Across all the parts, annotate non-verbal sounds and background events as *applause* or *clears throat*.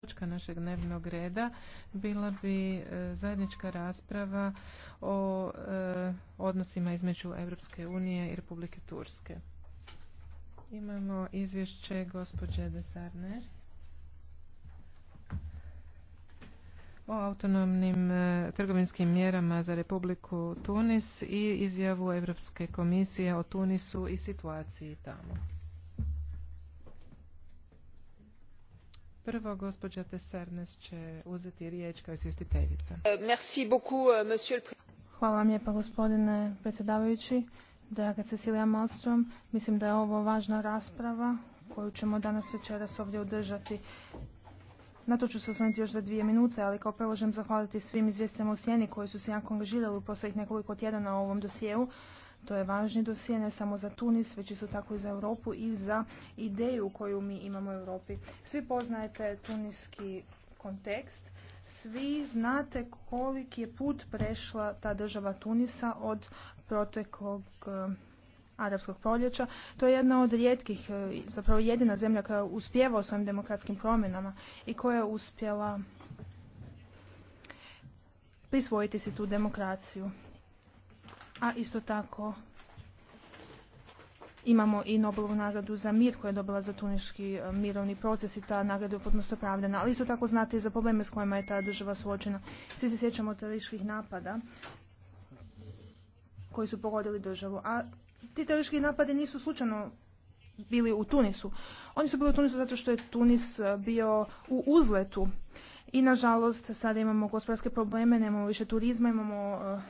točka našeg dnevnog reda bila bi e, zajednička rasprava o e, odnosima između Europske unije i Republike Turske. Imamo izvješće gospođe Desarnes o autonomnim e, trgovinskim mjerama za Republiku Tunis i izjavu Europske komisije o Tunisu i situaciji tamo. Prvo, gospođa Tesarnes će uzeti riječ kao izvjestiteljica. E, e, Hvala vam lijepa, gospodine predsjedavajući. Draga Cecilija Malstrom, mislim da je ovo važna rasprava koju ćemo danas večeras ovdje održati. Na to ću se osvrnuti još za dvije minute, ali kao prvo želim zahvaliti svim izvjestima u Sjeni koji su se jako angažirali u posljednjih nekoliko tjedana u ovom dosjeu, to je važni dosije ne samo za Tunis, već isto tako i za Europu i za ideju koju mi imamo u Europi. Svi poznajete tuniski kontekst, svi znate koliki je put prešla ta država Tunisa od proteklog eh, arapskog proljeća. To je jedna od rijetkih, eh, zapravo jedina zemlja koja uspjeva u svojim demokratskim promjenama i koja je uspjela prisvojiti si tu demokraciju a isto tako imamo i Nobelovu nagradu za mir koja je dobila za tuniški e, mirovni proces i ta nagrada je potpuno opravdana. Ali isto tako znate i za probleme s kojima je ta država suočena. Svi se sjećamo terorističkih napada koji su pogodili državu. A ti teroristički napadi nisu slučajno bili u Tunisu. Oni su bili u Tunisu zato što je Tunis e, bio u uzletu. I nažalost sada imamo gospodarske probleme, nemamo više turizma, imamo e,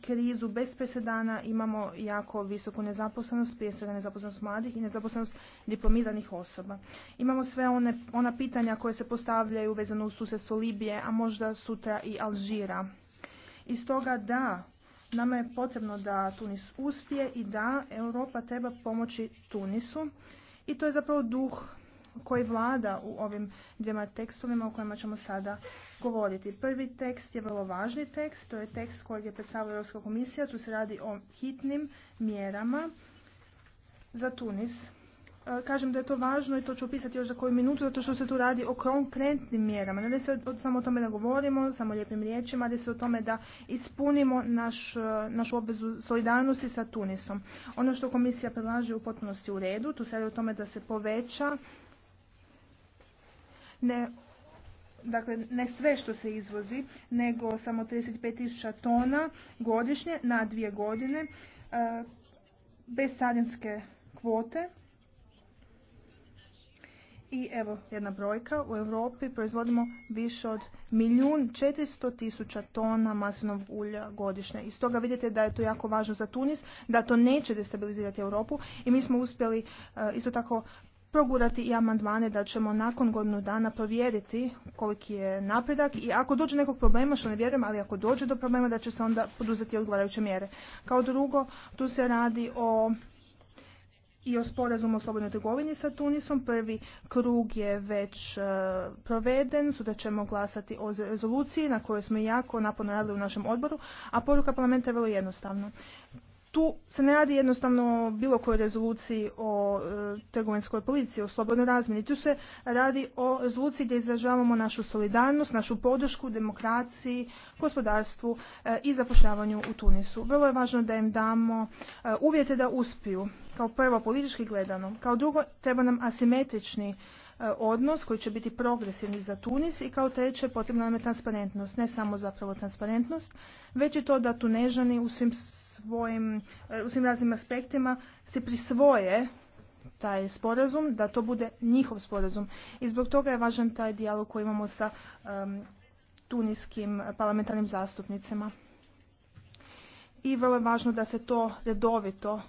krizu bez presedana imamo jako visoku nezaposlenost, prije svega nezaposlenost mladih i nezaposlenost diplomiranih osoba. Imamo sve one, ona pitanja koje se postavljaju vezano u susjedstvo Libije, a možda sutra i Alžira. I stoga da, nama je potrebno da Tunis uspije i da Europa treba pomoći Tunisu. I to je zapravo duh koji vlada u ovim dvijema tekstovima o kojima ćemo sada govoriti. Prvi tekst je vrlo važni tekst, to je tekst kojeg je predstavila Europska komisija, tu se radi o hitnim mjerama za Tunis. E, kažem da je to važno i to ću opisati još za koju minutu, zato što se tu radi o konkretnim mjerama. Ne radi se samo o tome da govorimo, samo lijepim riječima, radi se o tome da ispunimo naš, e, našu obvezu solidarnosti sa Tunisom. Ono što komisija predlaže u potpunosti u redu, tu se radi o tome da se poveća ne dakle ne sve što se izvozi, nego samo 35.000 tona godišnje na dvije godine e, bez carinske kvote. I evo jedna brojka, u Europi proizvodimo više od milijun 400 tisuća tona maslinovog ulja godišnje. I stoga vidite da je to jako važno za Tunis, da to neće destabilizirati Europu i mi smo uspjeli e, isto tako progurati i amandmane da ćemo nakon godinu dana provjeriti koliki je napredak i ako dođe nekog problema, što ne vjerujem, ali ako dođe do problema da će se onda poduzeti odgovarajuće mjere. Kao drugo, tu se radi o i o sporazumu o slobodnoj trgovini sa Tunisom. Prvi krug je već e, proveden, sutra ćemo glasati o rezoluciji na kojoj smo jako naporno radili u našem odboru, a poruka parlamenta je vrlo jednostavna tu se ne radi jednostavno o bilo kojoj rezoluciji o e, trgovinskoj policiji, o slobodnoj razmjeni. Tu se radi o rezoluciji gdje izražavamo našu solidarnost, našu podršku demokraciji, gospodarstvu e, i zapošljavanju u Tunisu. Vrlo je važno da im damo e, uvjete da uspiju. Kao prvo politički gledano. Kao drugo treba nam asimetrični E, odnos koji će biti progresivni za Tunis i kao treće potrebna nam je transparentnost, ne samo zapravo transparentnost, već i to da Tunežani u svim svojim, e, u svim raznim aspektima se prisvoje taj sporazum, da to bude njihov sporazum. I zbog toga je važan taj dijalog koji imamo sa um, tuniskim parlamentarnim zastupnicima i vrlo je važno da se to redovito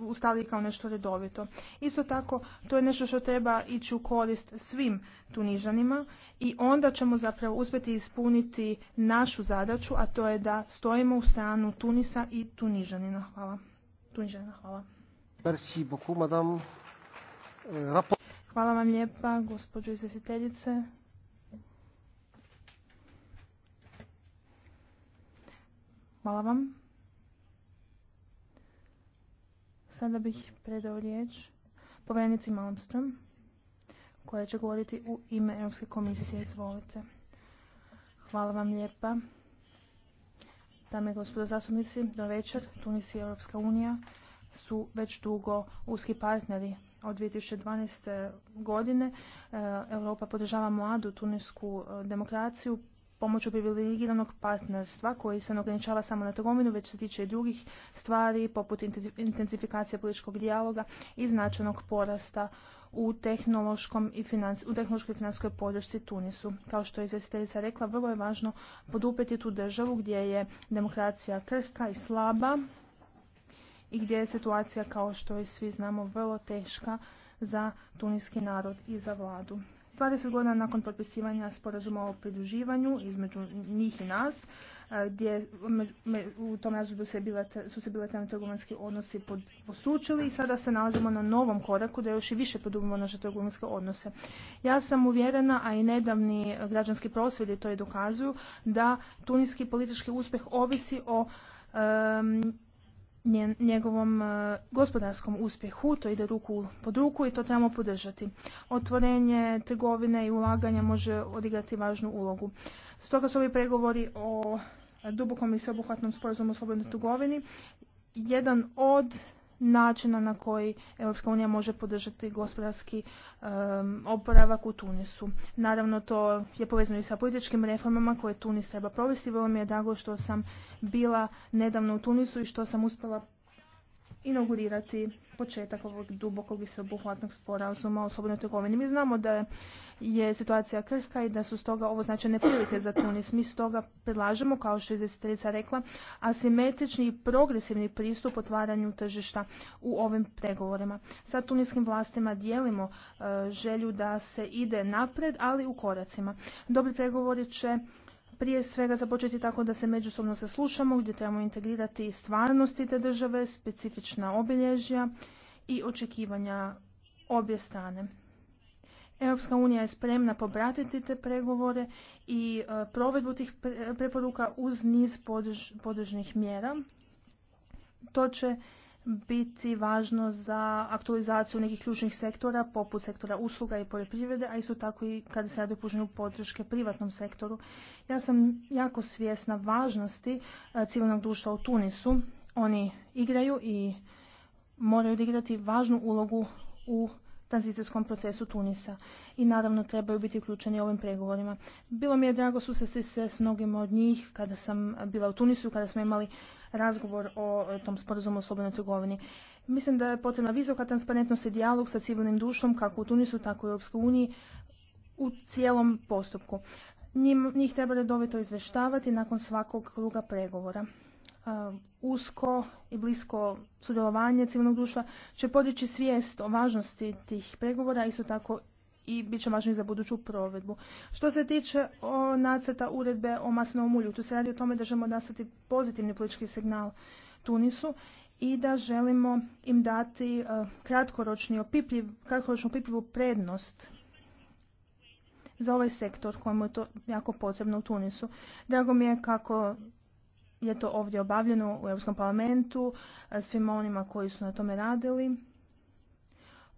ustali kao nešto redovito. Isto tako, to je nešto što treba ići u korist svim tunižanima i onda ćemo zapravo uspjeti ispuniti našu zadaću, a to je da stojimo u stranu Tunisa i Tunižanina. Hvala. hvala. Eh, hvala vam lijepa, gospođo Hvala vam. Sada bih predao riječ povjerenici Malmström koja će govoriti u ime Europske komisije. Izvolite. Hvala vam lijepa. Dame i gospodo zastupnici, do večer. Tunis i Europska unija su već dugo uski partneri od 2012. godine. Eh, Europa podržava mladu tunisku eh, demokraciju, pomoću privilegiranog partnerstva koji se ne ograničava samo na trgovinu, već se tiče i drugih stvari poput intenzifikacije političkog dijaloga i značajnog porasta u, tehnološkom i financ, u tehnološkoj i financijskoj podršci Tunisu. Kao što je izvjestiteljica rekla, vrlo je važno podupeti tu državu gdje je demokracija krhka i slaba i gdje je situacija, kao što i svi znamo, vrlo teška za tuniski narod i za vladu. 20 godina nakon potpisivanja sporazuma o pridruživanju između njih i nas, e, gdje u tom razdoblju su se bila trgovinski odnosi postučili i sada se nalazimo na novom koraku da još i više podubimo naše trgovinske odnose. Ja sam uvjerena, a i nedavni građanski prosvjedi to i dokazuju, da tunijski politički uspjeh ovisi o njegovom e, gospodarskom uspjehu, to ide ruku pod ruku i to trebamo podržati. Otvorenje trgovine i ulaganja može odigrati važnu ulogu. Stoga su ovi pregovori o dubokom i sveobuhvatnom sporazumu o slobodnoj trgovini jedan od načina na koji Europska unija može podržati gospodarski oporavak u Tunisu. Naravno, to je povezano i sa političkim reformama koje Tunis treba provesti. Vrlo mi je drago što sam bila nedavno u Tunisu i što sam uspjela inaugurirati početak ovog dubokog i sveobuhvatnog sporazuma o slobodnoj trgovini. Mi znamo da je situacija krhka i da su stoga ovo značajne prilike za Tunis. Mi stoga predlažemo, kao što je izvjestiteljica rekla, asimetrični i progresivni pristup otvaranju tržišta u ovim pregovorima. Sa tuniskim vlastima dijelimo e, želju da se ide napred, ali u koracima. Dobri pregovori će prije svega započeti tako da se međusobno saslušamo, gdje trebamo integrirati stvarnosti te države, specifična obilježja i očekivanja obje strane. Europska unija je spremna pobratiti te pregovore i e, provedbu tih preporuka uz niz podržnih mjera. To će biti važno za aktualizaciju nekih ključnih sektora poput sektora usluga i poljoprivrede, a isto tako i kada se radi o podrške privatnom sektoru. Ja sam jako svjesna važnosti e, civilnog društva u Tunisu. Oni igraju i moraju odigrati važnu ulogu u tranzicijskom procesu Tunisa i naravno trebaju biti uključeni ovim pregovorima. Bilo mi je drago susresti se s mnogim od njih kada sam bila u Tunisu, kada smo imali razgovor o e, tom sporazumu o slobodnoj trgovini. Mislim da je potrebna visoka transparentnost i dijalog sa civilnim dušom kako u Tunisu, tako i u Europskoj uniji u cijelom postupku. njih treba redovito izveštavati nakon svakog kruga pregovora. Um, usko i blisko sudjelovanje civilnog društva će podići svijest o važnosti tih pregovora, isto tako i bit će važni za buduću provedbu. Što se tiče o nacrta uredbe o masnom ulju, tu se radi o tome da želimo nastati pozitivni politički signal Tunisu i da želimo im dati uh, kratkoročni opipljiv, kratkoročnu opipljivu prednost za ovaj sektor kojemu je to jako potrebno u Tunisu. Drago mi je kako je to ovdje obavljeno u Europskom parlamentu e, svima onima koji su na tome radili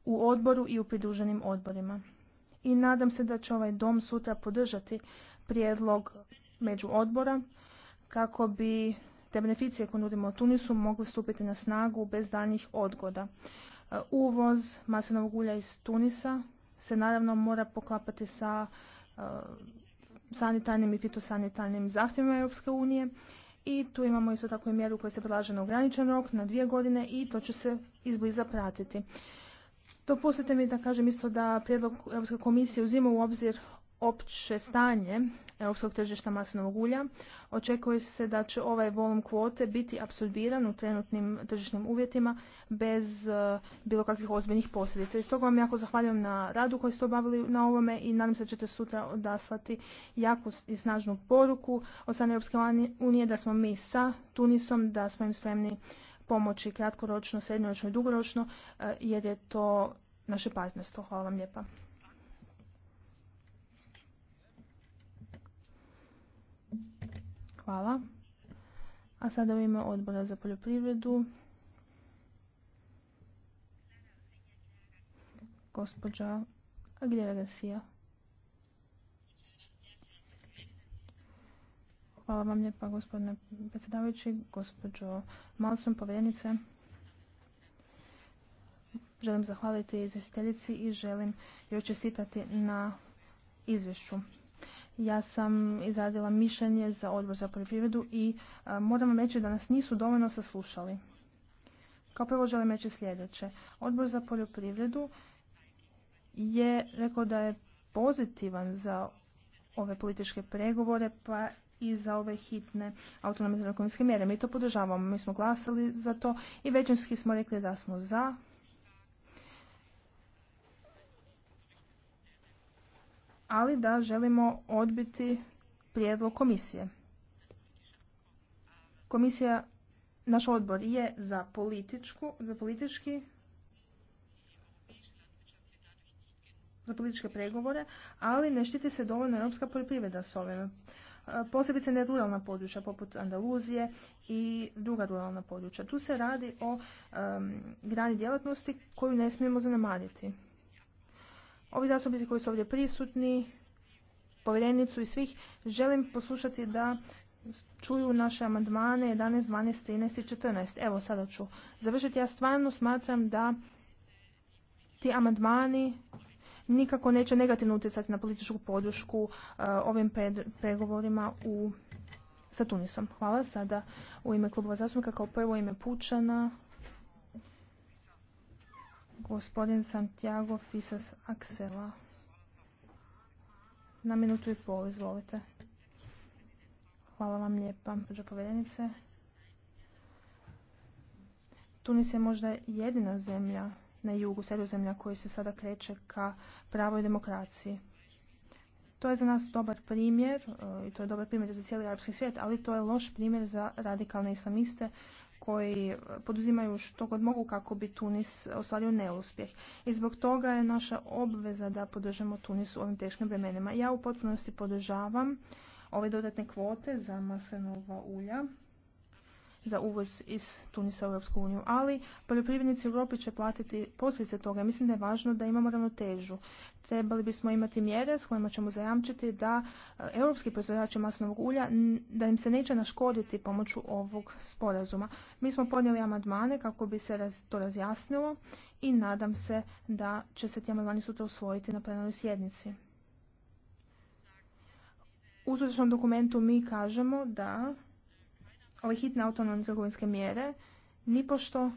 u odboru i u pridruženim odborima. I nadam se da će ovaj dom sutra podržati prijedlog među odbora kako bi te beneficije koje nudimo Tunisu mogli stupiti na snagu bez danjih odgoda. E, uvoz maslinovog ulja iz Tunisa se naravno mora poklapati sa e, sanitarnim i fitosanitarnim zahtjevima Europske unije i tu imamo isto tako i mjeru koja se predlaže na ograničen rok, na dvije godine i to će se izbliza pratiti. Dopustite mi da kažem isto da prijedlog Europske komisije uzima u obzir opće stanje europskog tržišta maslinovog ulja. Očekuje se da će ovaj volum kvote biti apsorbiran u trenutnim tržišnim uvjetima bez e, bilo kakvih ozbiljnih posljedica. I stoga vam jako zahvaljujem na radu koji ste obavili na ovome i nadam se da ćete sutra odaslati jako i snažnu poruku od strane Europske unije da smo mi sa Tunisom, da smo im spremni pomoći kratkoročno, srednjoročno i dugoročno e, jer je to naše partnerstvo. Hvala vam lijepa. Hvala. A sada u ime odbora za poljoprivredu. Gospođa Aguilera Garcia. Hvala vam lijepa gospodine predsjedavajući, gospođo Malsom, povjerenice. Želim zahvaliti izvjestiteljici i želim joj čestitati na izvješću. Ja sam izradila mišljenje za odbor za poljoprivredu i e, moram vam reći da nas nisu dovoljno saslušali. Kao prvo želim reći sljedeće. Odbor za poljoprivredu je rekao da je pozitivan za ove političke pregovore pa i za ove hitne autonomne ekonomske mjere. Mi to podržavamo, mi smo glasali za to i većinski smo rekli da smo za ali da želimo odbiti prijedlog komisije. Komisija, naš odbor je za, političku, za politički za političke pregovore, ali ne štiti se dovoljno europska poljoprivreda s ovim. E, posebice ne ruralna područja poput Andaluzije i druga ruralna područja. Tu se radi o grani djelatnosti koju ne smijemo zanemariti. Ovi zastupnici koji su ovdje prisutni, povjerenicu i svih, želim poslušati da čuju naše amandmane 11, 12, 13 i 14. Evo sada ću završiti. Ja stvarno smatram da ti amandmani nikako neće negativno utjecati na političku podršku e, ovim pregovorima u sa Tunisom. Hvala sada u ime klubova zastupnika kao prvo ime Pučana gospodin Santiago Fisas Aksela. Na minutu i pol, izvolite. Hvala vam lijepa, gospođo povjerenice. Tunis je možda jedina zemlja na jugu, sredozemlja koji se sada kreće ka pravoj demokraciji. To je za nas dobar primjer e, i to je dobar primjer za cijeli arapski svijet, ali to je loš primjer za radikalne islamiste koji poduzimaju što god mogu kako bi Tunis ostvario neuspjeh. I zbog toga je naša obveza da podržamo Tunis u ovim teškim vremenima. Ja u potpunosti podržavam ove dodatne kvote za maslinova ulja za uvoz iz Tunisa u Europsku uniju, ali poljoprivrednici u Europi će platiti posljedice toga. Mislim da je važno da imamo ravnotežu. Trebali bismo imati mjere s kojima ćemo zajamčiti da e, europski proizvođači maslinovog ulja da im se neće naškoditi pomoću ovog sporazuma. Mi smo podnijeli amandmane kako bi se to razjasnilo i nadam se da će se ti amandmani sutra usvojiti na plenarnoj sjednici. U dokumentu mi kažemo da ove hitne autonomne trgovinske mjere nipošto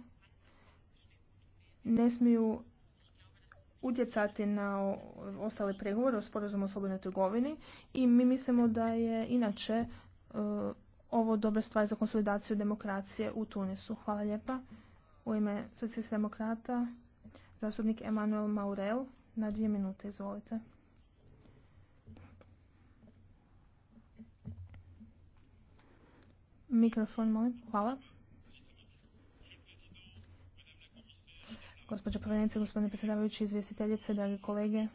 ne smiju utjecati na ostale pregovore o sporazumu o slobodnoj trgovini i mi mislimo da je inače e, ovo dobra stvar za konsolidaciju demokracije u Tunisu. Hvala lijepa. U ime socijalista demokrata zastupnik Emanuel Maurel na dvije minute. Izvolite. Mikrofon, molim. Hvala. Gospođo povjerenice, gospodine predsjedavajući, izvjestiteljice, dragi kolege,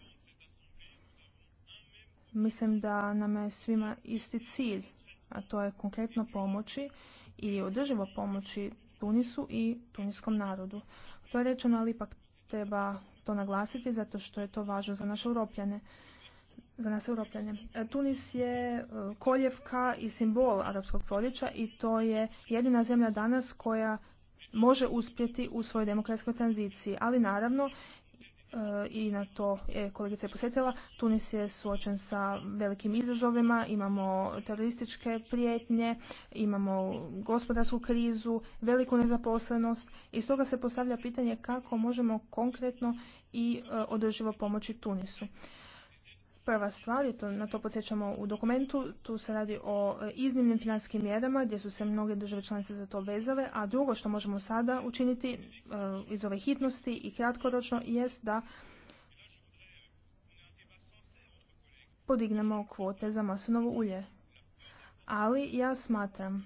mislim da nam je svima isti cilj, a to je konkretno pomoći i održivo pomoći Tunisu i tunijskom narodu. To je rečeno, ali ipak treba to naglasiti zato što je to važno za naše europljane za nas europljane. E, Tunis je e, koljevka i simbol arapskog proljeća i to je jedina zemlja danas koja može uspjeti u svojoj demokratskoj tranziciji. Ali naravno, e, i na to je kolegica je posjetila, Tunis je suočen sa velikim izazovima, imamo terorističke prijetnje, imamo gospodarsku krizu, veliku nezaposlenost i stoga se postavlja pitanje kako možemo konkretno i održivo pomoći Tunisu. Prva stvar, i to, na to podsjećamo u dokumentu, tu se radi o e, iznimnim financijskim mjerama gdje su se mnoge države članice za to vezale, a drugo što možemo sada učiniti e, iz ove hitnosti i kratkoročno jest da podignemo kvote za maslinovo ulje. Ali ja smatram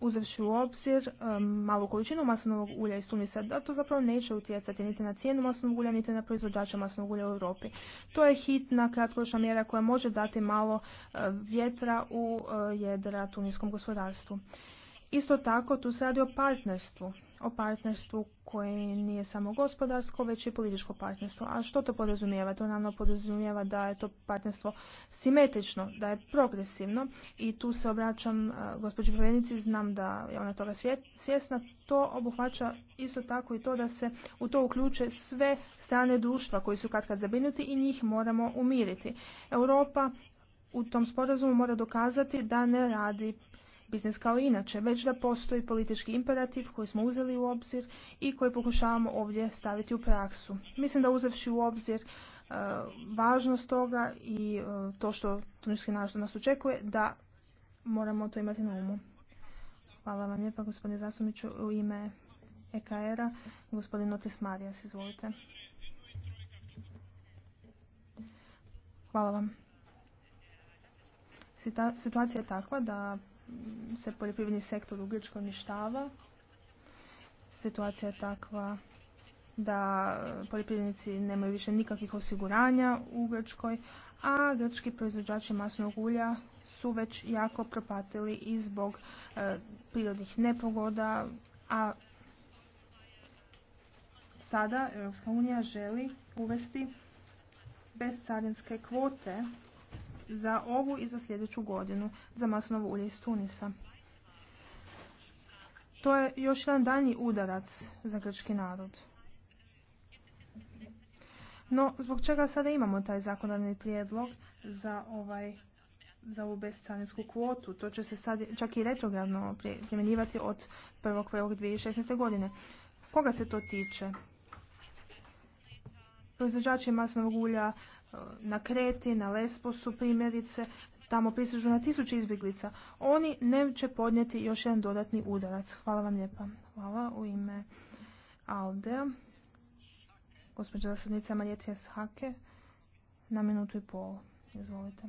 uzevši u obzir um, malu količinu maslinovog ulja iz Tunisa, da to zapravo neće utjecati niti na cijenu maslinovog ulja, niti na proizvođača maslinovog ulja u Europi. To je hitna, kratkoročna mjera koja može dati malo uh, vjetra u uh, jedra tuniskom gospodarstvu. Isto tako, tu se radi o partnerstvu o partnerstvu koje nije samo gospodarsko, već i političko partnerstvo. A što to podrazumijeva? To naravno podrazumijeva da je to partnerstvo simetrično, da je progresivno i tu se obraćam e, gospođi povjerenici, znam da je ona toga svjesna. To obuhvaća isto tako i to da se u to uključe sve strane društva koji su katkad zabinuti i njih moramo umiriti. Europa u tom sporazumu mora dokazati da ne radi biznis kao i inače, već da postoji politički imperativ koji smo uzeli u obzir i koji pokušavamo ovdje staviti u praksu. Mislim da uzevši u obzir e, važnost toga i e, to što tunički narod nas očekuje, da moramo to imati na umu. Hvala vam lijepa gospodine zastupniče u ime EKR-a. Gospodin Otis Marijas, izvolite. Hvala vam. Situacija je takva da se poljoprivredni sektor u Grčkoj uništava. Situacija je takva da poljoprivrednici nemaju više nikakvih osiguranja u Grčkoj, a grčki proizvođači masnog ulja su već jako propatili i zbog e, prirodnih nepogoda, a sada Europska unija želi uvesti bez bezcarinske kvote za ovu i za sljedeću godinu za maslinovo ulje iz Tunisa. To je još jedan daljnji udarac za grčki narod. No, zbog čega sada imamo taj zakonodavni prijedlog za ovaj za ovu bescarinsku kvotu. To će se sad čak i retrogradno primjenjivati od 1.1.2016. godine. Koga se to tiče? Proizvođači masnog ulja, na Kreti, na Lesbosu primjerice, tamo prisežu na tisuće izbjeglica, oni neće podnijeti još jedan dodatni udarac. Hvala vam lijepa. Hvala u ime Alde. Gospođa zastupnica Marijetija Hake na minutu i pol. Izvolite.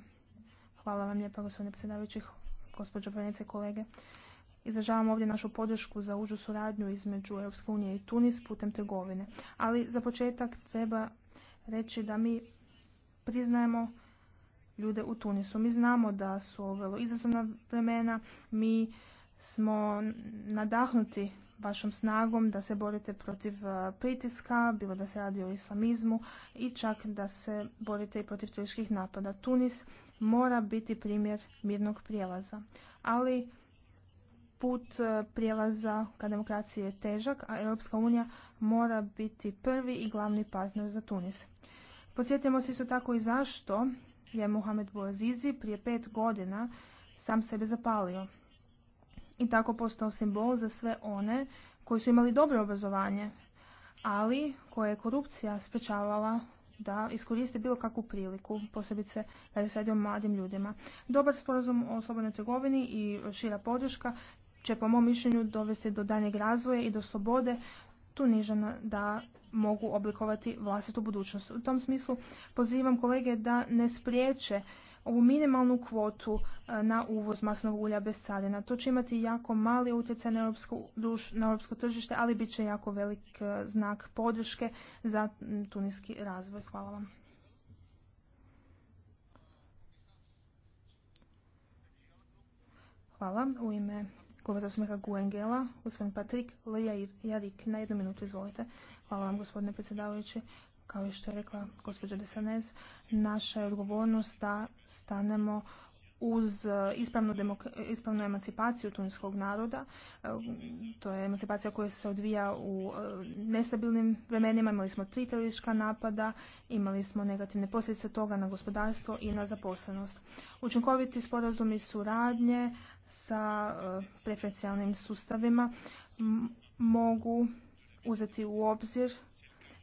Hvala vam lijepa, gospodine predsjedavajući, gospođo i kolege. Izražavam ovdje našu podršku za užu suradnju između Europske unije i Tunis putem trgovine. Ali za početak treba reći da mi priznajemo ljude u Tunisu. Mi znamo da su ovo izazovna vremena, mi smo nadahnuti vašom snagom da se borite protiv uh, pritiska, bilo da se radi o islamizmu i čak da se borite i protiv turičkih napada. Tunis mora biti primjer mirnog prijelaza, ali put uh, prijelaza ka demokraciji je težak, a Europska unija mora biti prvi i glavni partner za Tunis. Podsjetimo se isto tako i zašto je Mohamed Bouazizi prije pet godina sam sebe zapalio i tako postao simbol za sve one koji su imali dobro obrazovanje, ali koje je korupcija sprečavala da iskoriste bilo kakvu priliku, posebice kada se radi mladim ljudima. Dobar sporazum o slobodnoj trgovini i šira podrška će po mom mišljenju dovesti do danjeg razvoja i do slobode tu nižana da mogu oblikovati vlastitu budućnost. U tom smislu pozivam kolege da ne spriječe ovu minimalnu kvotu e, na uvoz masnog ulja bez carina. To će imati jako mali utjecaj na europsko, na europsko tržište, ali bit će jako velik e, znak podrške za tuniski razvoj. Hvala vam. Hvala. U ime Kluba zastupnika Guengela, gospodin Patrik Lejarik, na jednu minutu izvolite. Hvala vam gospodine predsjedavajući. Kao što je rekla gospođa Desanez, naša je odgovornost da stanemo uz e, ispravnu, ispravnu emancipaciju tunskog naroda. E, to je emancipacija koja se odvija u e, nestabilnim vremenima. Imali smo tri napada, imali smo negativne posljedice toga na gospodarstvo i na zaposlenost. Učinkoviti sporazumi suradnje sa preferencijalnim sustavima mogu uzeti u obzir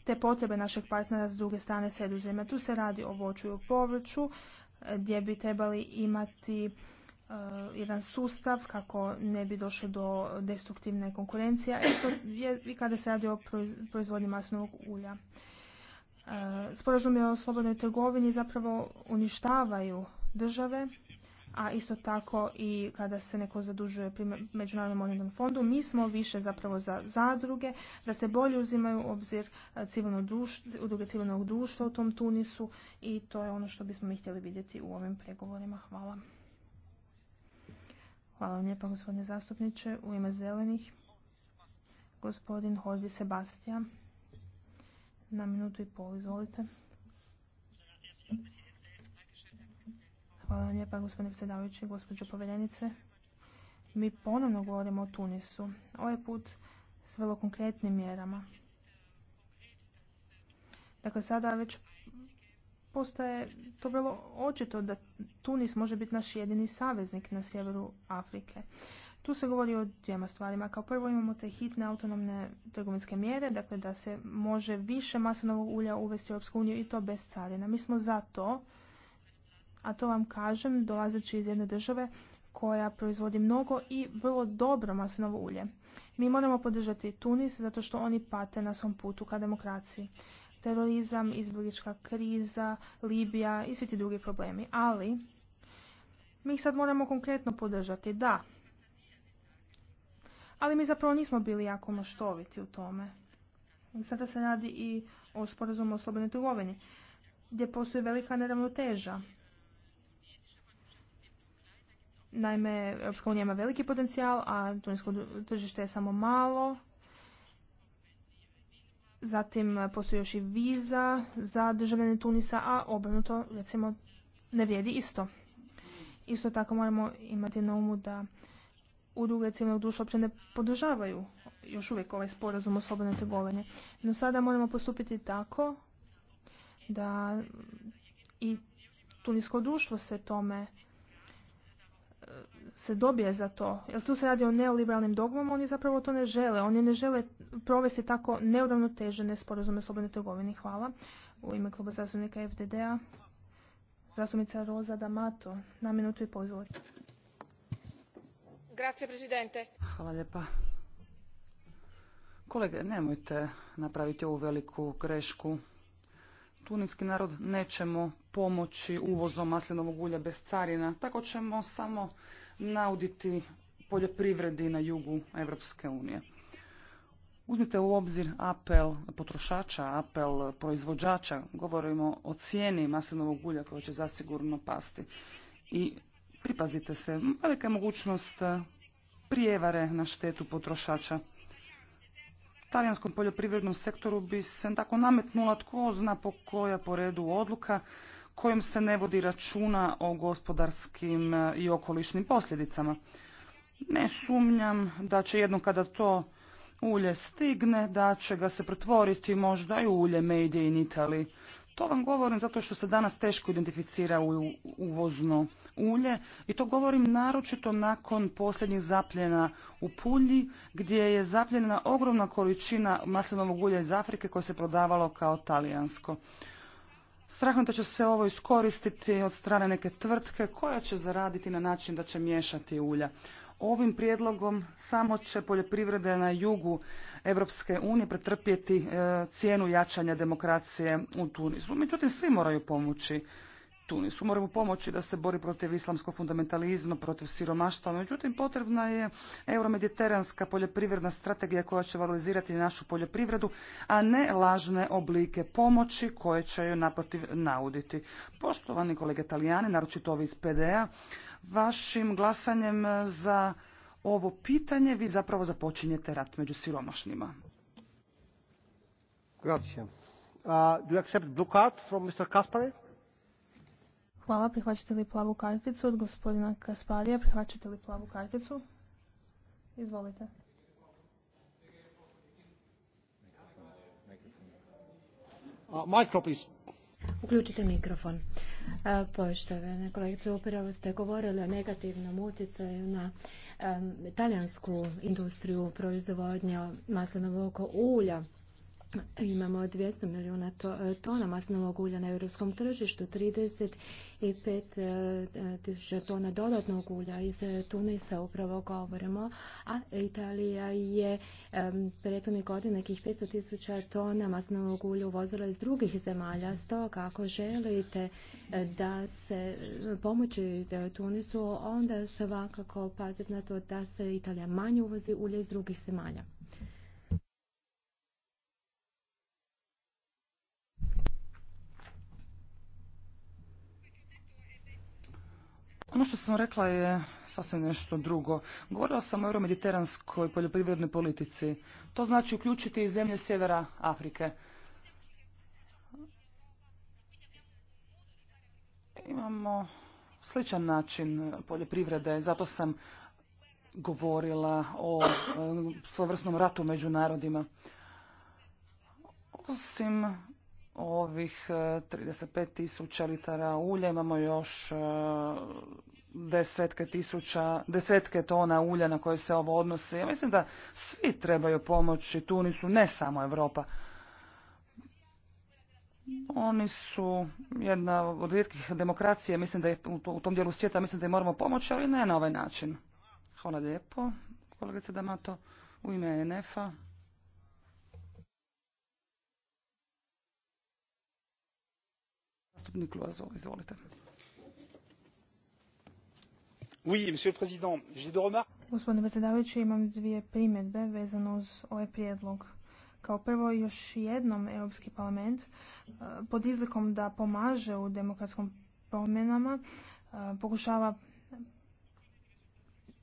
te potrebe našeg partnera s druge strane sredozemlja. Tu se radi o voću i o povrću e, gdje bi trebali imati e, jedan sustav kako ne bi došlo do destruktivne konkurencije e, i kada se radi o proizvodnji masnog ulja. Uh, Sporazumi o slobodnoj trgovini zapravo uništavaju države a isto tako i kada se neko zadužuje pri Međunarodnom monetarnom fondu, mi smo više zapravo za zadruge, da se bolje uzimaju u obzir e, civilno društvo, udruge civilnog društva u tom Tunisu i to je ono što bismo mi htjeli vidjeti u ovim pregovorima. Hvala. Hvala vam lijepa gospodine zastupniče. U ime zelenih gospodin Hordi Sebastija. Na minutu i pol, izvolite. Hvala vam lijepa gospodine predsjedavajući, gospođo povjerenice. Mi ponovno govorimo o Tunisu, ovaj put s vrlo konkretnim mjerama. Dakle, sada već postaje to vrlo očito da Tunis može biti naš jedini saveznik na sjeveru Afrike. Tu se govori o dvijema stvarima. Kao prvo imamo te hitne autonomne trgovinske mjere, dakle da se može više maslinovog ulja uvesti u Europsku uniju i to bez carina. Mi smo za to a to vam kažem dolazeći iz jedne države koja proizvodi mnogo i vrlo dobro maslinovo ulje. Mi moramo podržati Tunis zato što oni pate na svom putu ka demokraciji. Terorizam, izbjeglička kriza, Libija i svi ti drugi problemi. Ali mi ih sad moramo konkretno podržati, da. Ali mi zapravo nismo bili jako maštoviti u tome. Sada se radi i o sporazumu o slobodnoj trgovini, gdje postoji velika neravnoteža. Naime, Europska unija ima veliki potencijal, a tunisko tržište je samo malo. Zatim e, postoji još i viza za državljane Tunisa, a obrnuto recimo ne vrijedi isto. Isto tako moramo imati na umu da udruge civilnog društva uopće ne podržavaju još uvijek ovaj sporazum o slobodnoj trgovini. No sada moramo postupiti tako da i tunisko društvo se tome se dobije za to. Jer tu se radi o neoliberalnim dogmama, oni zapravo to ne žele. Oni ne žele provesti tako neuravnotežene sporazume slobodne trgovine. Hvala. U ime kluba zastupnika FDD-a, zastupnica Roza D'Amato, na minutu i pozvolite Grazie, prezidente. Hvala lijepa. Kolege, nemojte napraviti ovu veliku grešku. Tuninski narod nećemo pomoći uvozom maslinovog ulja bez carina. Tako ćemo samo nauditi poljoprivredi na jugu Europske unije. Uzmite u obzir apel potrošača, apel proizvođača. Govorimo o cijeni maslinovog ulja koja će zasigurno pasti. I pripazite se, velika je mogućnost prijevare na štetu potrošača. Talijanskom poljoprivrednom sektoru bi se tako nametnula tko zna po koja po redu odluka kojom se ne vodi računa o gospodarskim e, i okolišnim posljedicama. Ne sumnjam da će jednom kada to ulje stigne, da će ga se pretvoriti možda i u ulje made in Italy. To vam govorim zato što se danas teško identificira u uvozno ulje i to govorim naročito nakon posljednjih zapljena u Pulji gdje je zapljena ogromna količina maslinovog ulja iz Afrike koje se prodavalo kao talijansko. Strahom da će se ovo iskoristiti od strane neke tvrtke koja će zaraditi na način da će miješati ulja. Ovim prijedlogom samo će poljoprivrede na jugu Europske unije pretrpjeti e, cijenu jačanja demokracije u Tunisu. Međutim, svi moraju pomoći Tunisu. Moramo pomoći da se bori protiv islamskog fundamentalizma, protiv siromaštva. Međutim, potrebna je euromediteranska poljoprivredna strategija koja će valorizirati našu poljoprivredu, a ne lažne oblike pomoći koje će ju naprotiv nauditi. Poštovani kolege Talijani, naročito ovi iz PDA, vašim glasanjem za ovo pitanje vi zapravo započinjete rat među siromašnima. Grazie. Uh, do you accept blue card from Mr. Hvala, prihvaćate li plavu karticu od gospodina Kasparija? Prihvaćate li plavu karticu? Izvolite. Uključite mikrofon. Poštovene kolegice, upravo ste govorili o negativnom utjecaju na talijansku industriju proizvodnja maslinovog ulja. Imamo 200 milijuna e, tona masnovog ulja na europskom tržištu, 35 e, tisuća tona dodatnog ulja iz e, Tunisa upravo govorimo, a Italija je prethodnih godina nekih 500 tisuća tona masnovog ulja uvozila iz drugih zemalja. Stoga kako želite da se pomoći Tunisu, onda svakako pazite na to da se Italija manje uvozi ulja iz drugih zemalja. Ono što sam rekla je sasvim nešto drugo. Govorila sam o euromediteranskoj poljoprivrednoj politici. To znači uključiti i zemlje sjevera Afrike. Imamo sličan način poljoprivrede, zato sam govorila o e, svojevrsnom ratu među narodima. Osim ovih 35 e, tisuća litara ulja, imamo još e, desetke tisuća, desetke tona ulja na koje se ovo odnosi. Ja mislim da svi trebaju pomoći Tunisu, ne samo Europa. Oni su jedna od rijetkih demokracije. mislim da je u tom dijelu svijeta, mislim da im moramo pomoći, ali ne na ovaj način. Hvala lijepo, kolegice Damato, u ime NF-a. Zastupnik Gospodine predsjedavajući, imam dvije primjedbe vezano uz ovaj prijedlog. Kao prvo još jednom Europski parlament e, pod izlikom da pomaže u demokratskom promjenama e, pokušava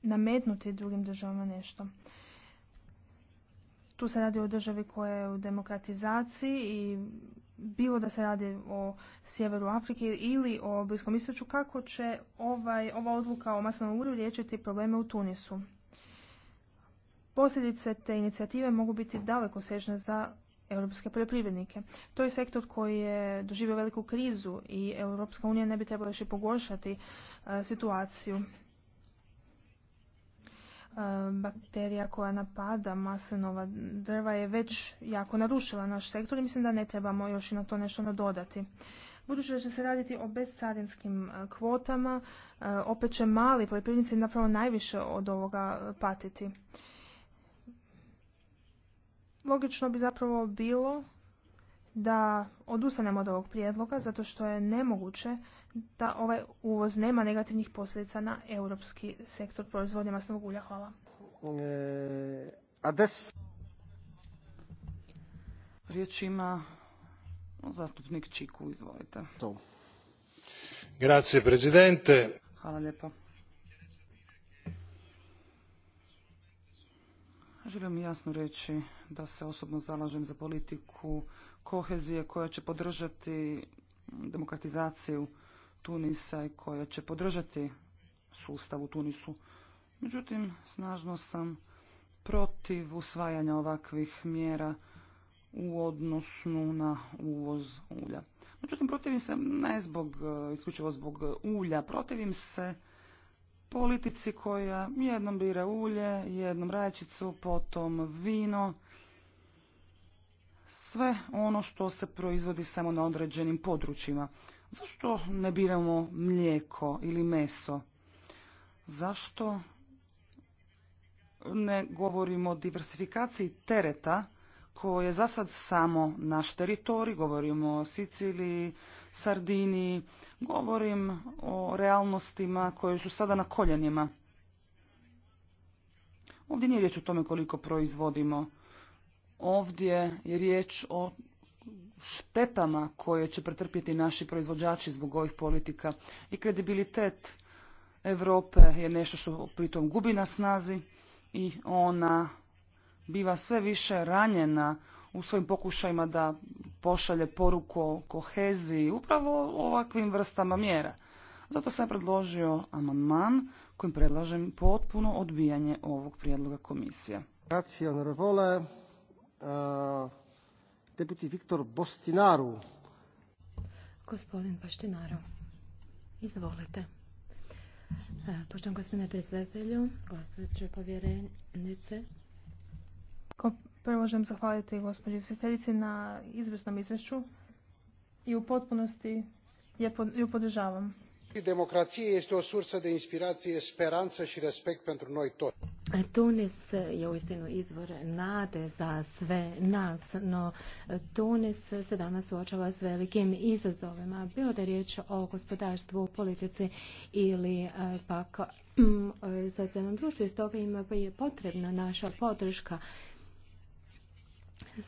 nametnuti drugim državama nešto. Tu se radi o državi koja je u demokratizaciji i bilo da se radi o sjeveru Afrike ili o Bliskom istoču, kako će ovaj, ova odluka o masnom uru liječiti probleme u Tunisu. Posljedice te inicijative mogu biti daleko sežne za europske poljoprivrednike. To je sektor koji je doživio veliku krizu i Europska unija ne bi trebala još pogoršati e, situaciju. E, bakterija koja napada maslinova drva je već jako narušila naš sektor i mislim da ne trebamo još i na to nešto nadodati. Budući da će se raditi o bezcarinskim e, kvotama, e, opet će mali poljoprivrednici napravo najviše od ovoga patiti. Logično bi zapravo bilo da odustanemo od ovog prijedloga zato što je nemoguće da ovaj uvoz nema negativnih posljedica na europski sektor proizvodnje masnog ulja. Hvala. E, Riječ ima zastupnik Čiku, izvolite. Grazie, prezidente. Hvala lijepo. Želim jasno reći da se osobno zalažem za politiku kohezije koja će podržati demokratizaciju Tunisa i koja će podržati sustav u Tunisu. Međutim, snažno sam protiv usvajanja ovakvih mjera u odnosu na uvoz ulja. Međutim, protivim se ne zbog, e, isključivo zbog ulja, protivim se politici koja jednom bira ulje, jednom rajčicu, potom vino, sve ono što se proizvodi samo na određenim područjima. Zašto ne biramo mlijeko ili meso? Zašto ne govorimo o diversifikaciji tereta koje je za sad samo naš teritorij, govorimo o Siciliji, Sardiniji, govorim o realnostima koje su sada na koljenima. Ovdje nije riječ o tome koliko proizvodimo, ovdje je riječ o štetama koje će pretrpjeti naši proizvođači zbog ovih politika i kredibilitet Europe je nešto što pritom gubi na snazi i ona biva sve više ranjena u svojim pokušajima da pošalje poruku o koheziji upravo ovakvim vrstama mjera. Zato sam predložio amandman kojim predlažem potpuno odbijanje ovog prijedloga komisije. Deputy Viktor Bostinaru. Gospodin Bostinaru, izvolite. E, poštovani gospodine predsjedatelju, gospođo povjerenice. Prvo želim zahvaliti gospođi izvjestiteljici na izvrsnom izvješću i u potpunosti je, ju podržavam democrație este o sursă de inspirație, speranță și respect pentru noi toți. Tunis je uistinu izvor nade za sve nas, no Tunis se danas suočava s velikim izazovima, bilo da je riječ o gospodarstvu, politici ili e, pak mm, e, socijalnom društvu. Iz toga ima pa je potrebna naša podrška.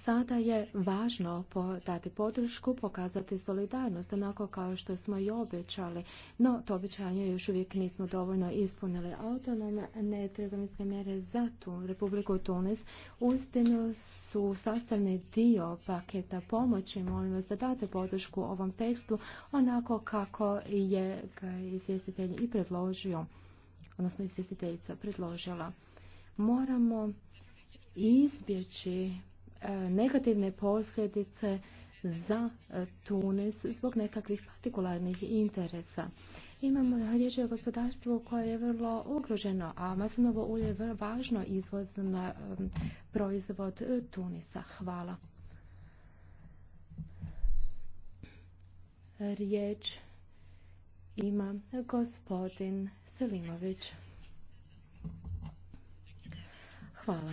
Sada je važno dati podršku, pokazati solidarnost, onako kao što smo i obećali, no to obećanje još uvijek nismo dovoljno ispunili. Autonome ne mjere za tu Republiku Tunis Ustinu su sastavni dio paketa pomoći. Molim vas da date podršku ovom tekstu onako kako je izvjestitelj i predložio, odnosno izvjestiteljica predložila. Moramo izbjeći E, negativne posljedice za e, Tunis zbog nekakvih partikularnih interesa. Imamo riječ o gospodarstvu koje je vrlo ugroženo, a maslinovo ulje je vrlo važno izvozno e, proizvod Tunisa. Hvala. Riječ ima gospodin Selimović. Hvala.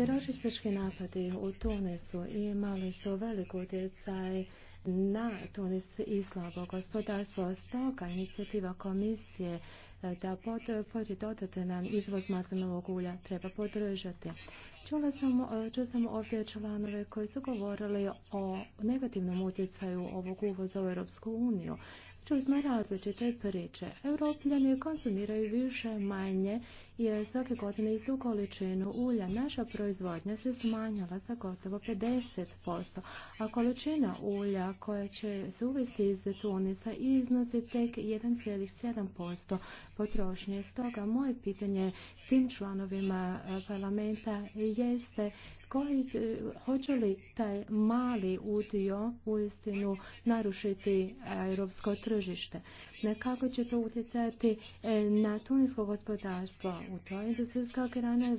Teroristički napadi u Tunisu imali su velik utjecaj na Tunis i slabo gospodarstvo. Stoga inicijativa komisije e, da dodati nam izvoz maslinovog ulja treba podržati. Čula sam, e, čula sam ovdje članove koji su govorili o negativnom utjecaju ovog uvoza u Europsku uniju. Čuli smo različite priče. Europljani konsumiraju više manje je svake godine istu količinu ulja. Naša proizvodnja se smanjala za gotovo 50%, a količina ulja koja će se uvesti iz Tunisa iznosi tek 1,7% potrošnje. Stoga moje pitanje tim članovima e, parlamenta jeste koji hoće li taj mali udio uistinu narušiti e, europsko tržište kako će to utjecati e, na tunijsko gospodarstvo. U toj industrijska grana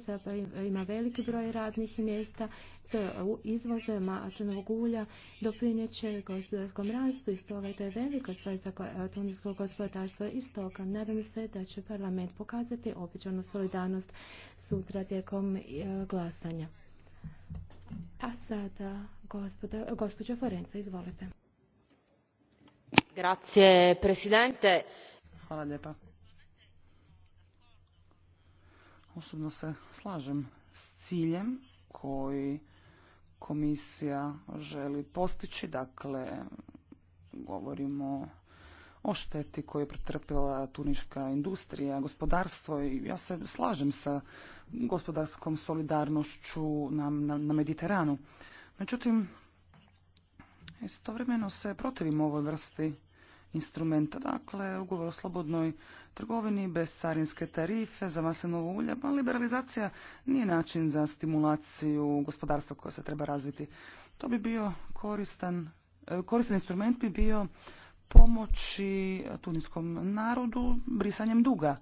ima veliki broj radnih mjesta, izvoze maslinovog ulja doprinjeće gospodarskom rastu i stoga to je velika stvar za e, tunijsko gospodarstvo i stoga nadam se da će parlament pokazati običanu solidarnost sutra tijekom e, glasanja. A sada gospođa Forenca, izvolite. Osobno se slažem s ciljem koji komisija želi postići, dakle govorimo o šteti koju je pretrpjela tuniška industrija, gospodarstvo i ja se slažem sa gospodarskom solidarnošću na, na Mediteranu. Međutim, Istovremeno se protivimo ovoj vrsti instrumenta, dakle ugovor o slobodnoj trgovini bez carinske tarife za maslinovo ulje, pa liberalizacija nije način za stimulaciju gospodarstva koja se treba razviti. To bi bio koristan, e, koristan instrument bi bio pomoći tuniskom narodu brisanjem duga.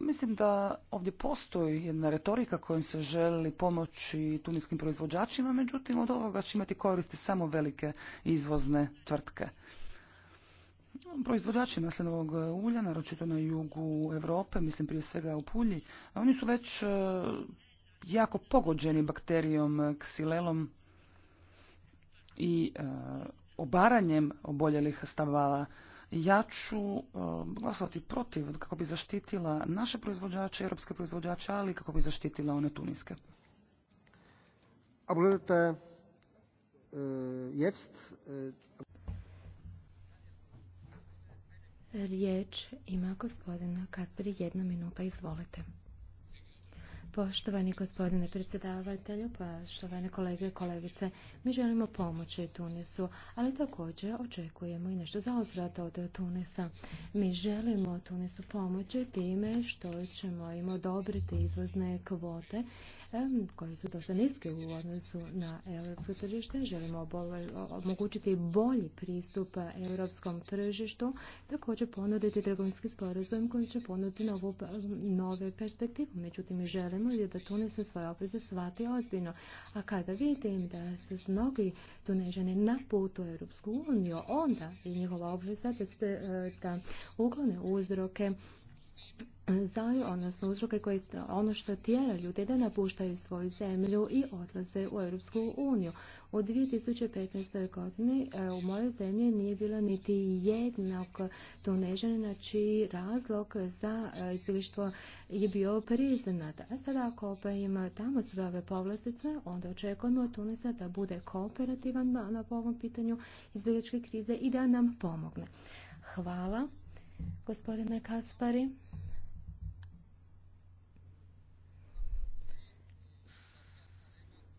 Mislim da ovdje postoji jedna retorika kojom se želi pomoći tunijskim proizvođačima, međutim od ovoga će imati koristi samo velike izvozne tvrtke. Proizvođači maslinovog ulja, naročito na jugu Europe, mislim prije svega u Pulji, oni su već e, jako pogođeni bakterijom, ksilelom i e, obaranjem oboljelih stavala ja ću e, glasovati protiv kako bi zaštitila naše proizvođače, europske proizvođače, ali kako bi zaštitila one tuniske. E, e, Riječ ima gospodina Katri, jedna minuta, izvolite. Poštovani gospodine predsjedavatelju, poštovane kolege i kolegice, mi želimo pomoći Tunisu, ali također očekujemo i nešto za odvrat od Tunisa. Mi želimo Tunisu pomoći time što ćemo im odobriti izvozne kvote koje su dosta niske u odnosu na europsko tržište. Želimo omogućiti bolji pristup europskom tržištu, također ponuditi trgovinski sporazum koji će ponuditi novu, nove perspektive. Međutim, želimo i da Tunis svoje obveze shvati ozbiljno. A kada vidim da se mnogi tunežani na putu u Europsku onda je njihova obveza da, se, e, uklone uzroke zaju, odnosno uzroke koje ono što tjera ljude da napuštaju svoju zemlju i odlaze u Europsku uniju. U 2015. godini e, u mojoj zemlji nije bilo niti jednog tunežana čiji znači razlog za e, izbjeglištvo je bio priznat. A sada ako pa ima tamo sve ove povlastice, onda očekujemo od Tunisa da bude kooperativan na ovom pitanju izbjegličke krize i da nam pomogne. Hvala gospodine Kaspari.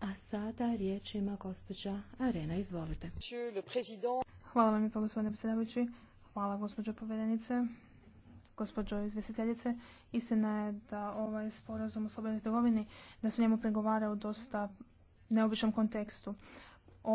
A sada riječ ima gospođa Arena. Izvolite. Hvala vam i pa gospodine predsjedavajući. Hvala gospođo povedenice, gospođo izvjestiteljice. Istina je da ovaj sporazum o slobodnoj trgovini, da su njemu u dosta neobičnom kontekstu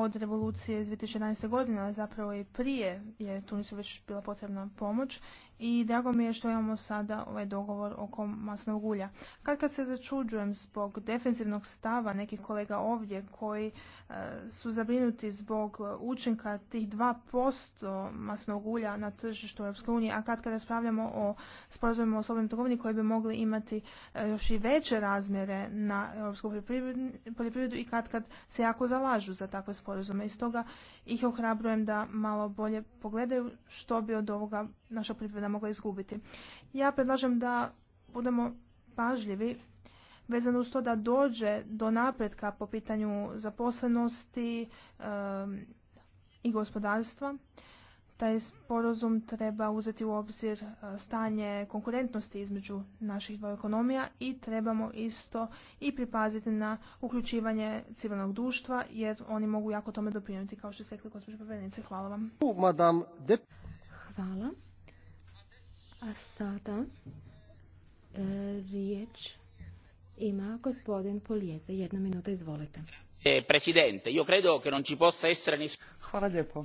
od revolucije iz 2011. godine, ali zapravo i prije je Tunisu već bila potrebna pomoć i drago mi je što imamo sada ovaj dogovor oko masnog ulja. Kad kad se začuđujem zbog defensivnog stava nekih kolega ovdje koji e, su zabrinuti zbog učinka tih 2% masnog ulja na tržištu Europske unije, a kad kad raspravljamo o sporazumima o slobodnoj trgovini koji bi mogli imati e, još i veće razmjere na europsku poljoprivredu i kad kad se jako zalažu za takve sporazume. I stoga ih ohrabrujem da malo bolje pogledaju što bi od ovoga naša privreda mogla izgubiti. Ja predlažem da budemo pažljivi vezano uz to da dođe do napretka po pitanju zaposlenosti i gospodarstva. Taj sporazum treba uzeti u obzir eh, stanje konkurentnosti između naših dva ekonomija i trebamo isto i pripaziti na uključivanje civilnog društva jer oni mogu jako tome doprinijeti kao što ste rekli gospođo Hvala vam. Hvala. A sada e, riječ ima gospodin Polijeze. Jedna minuta, izvolite. E, presidente, io credo che non ci possa essere Hvala lijepo.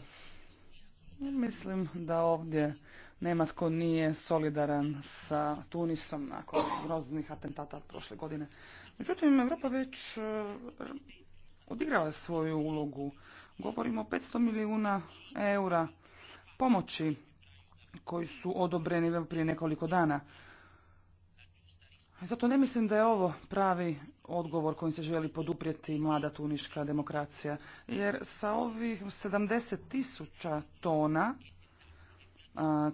Mislim da ovdje nema tko nije solidaran sa Tunisom nakon groznih atentata prošle godine. Međutim, Europa već e, odigrala svoju ulogu. Govorimo o 500 milijuna eura pomoći koji su odobreni prije nekoliko dana. Zato ne mislim da je ovo pravi odgovor kojim se želi poduprijeti mlada tuniška demokracija. Jer sa ovih 70 tisuća tona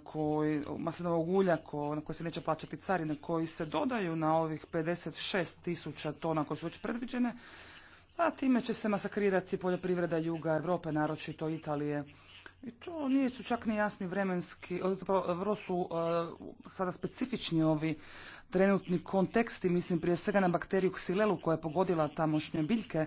koji, maslinovog ulja na koje se neće plaćati carine, koji se dodaju na ovih 56 tisuća tona koje su već predviđene, a time će se masakrirati poljoprivreda juga Europe, naročito Italije. I to nisu čak ni jasni vremenski, vrlo su e, sada specifični ovi trenutni konteksti, mislim prije svega na bakteriju ksilelu koja je pogodila tamošnje biljke.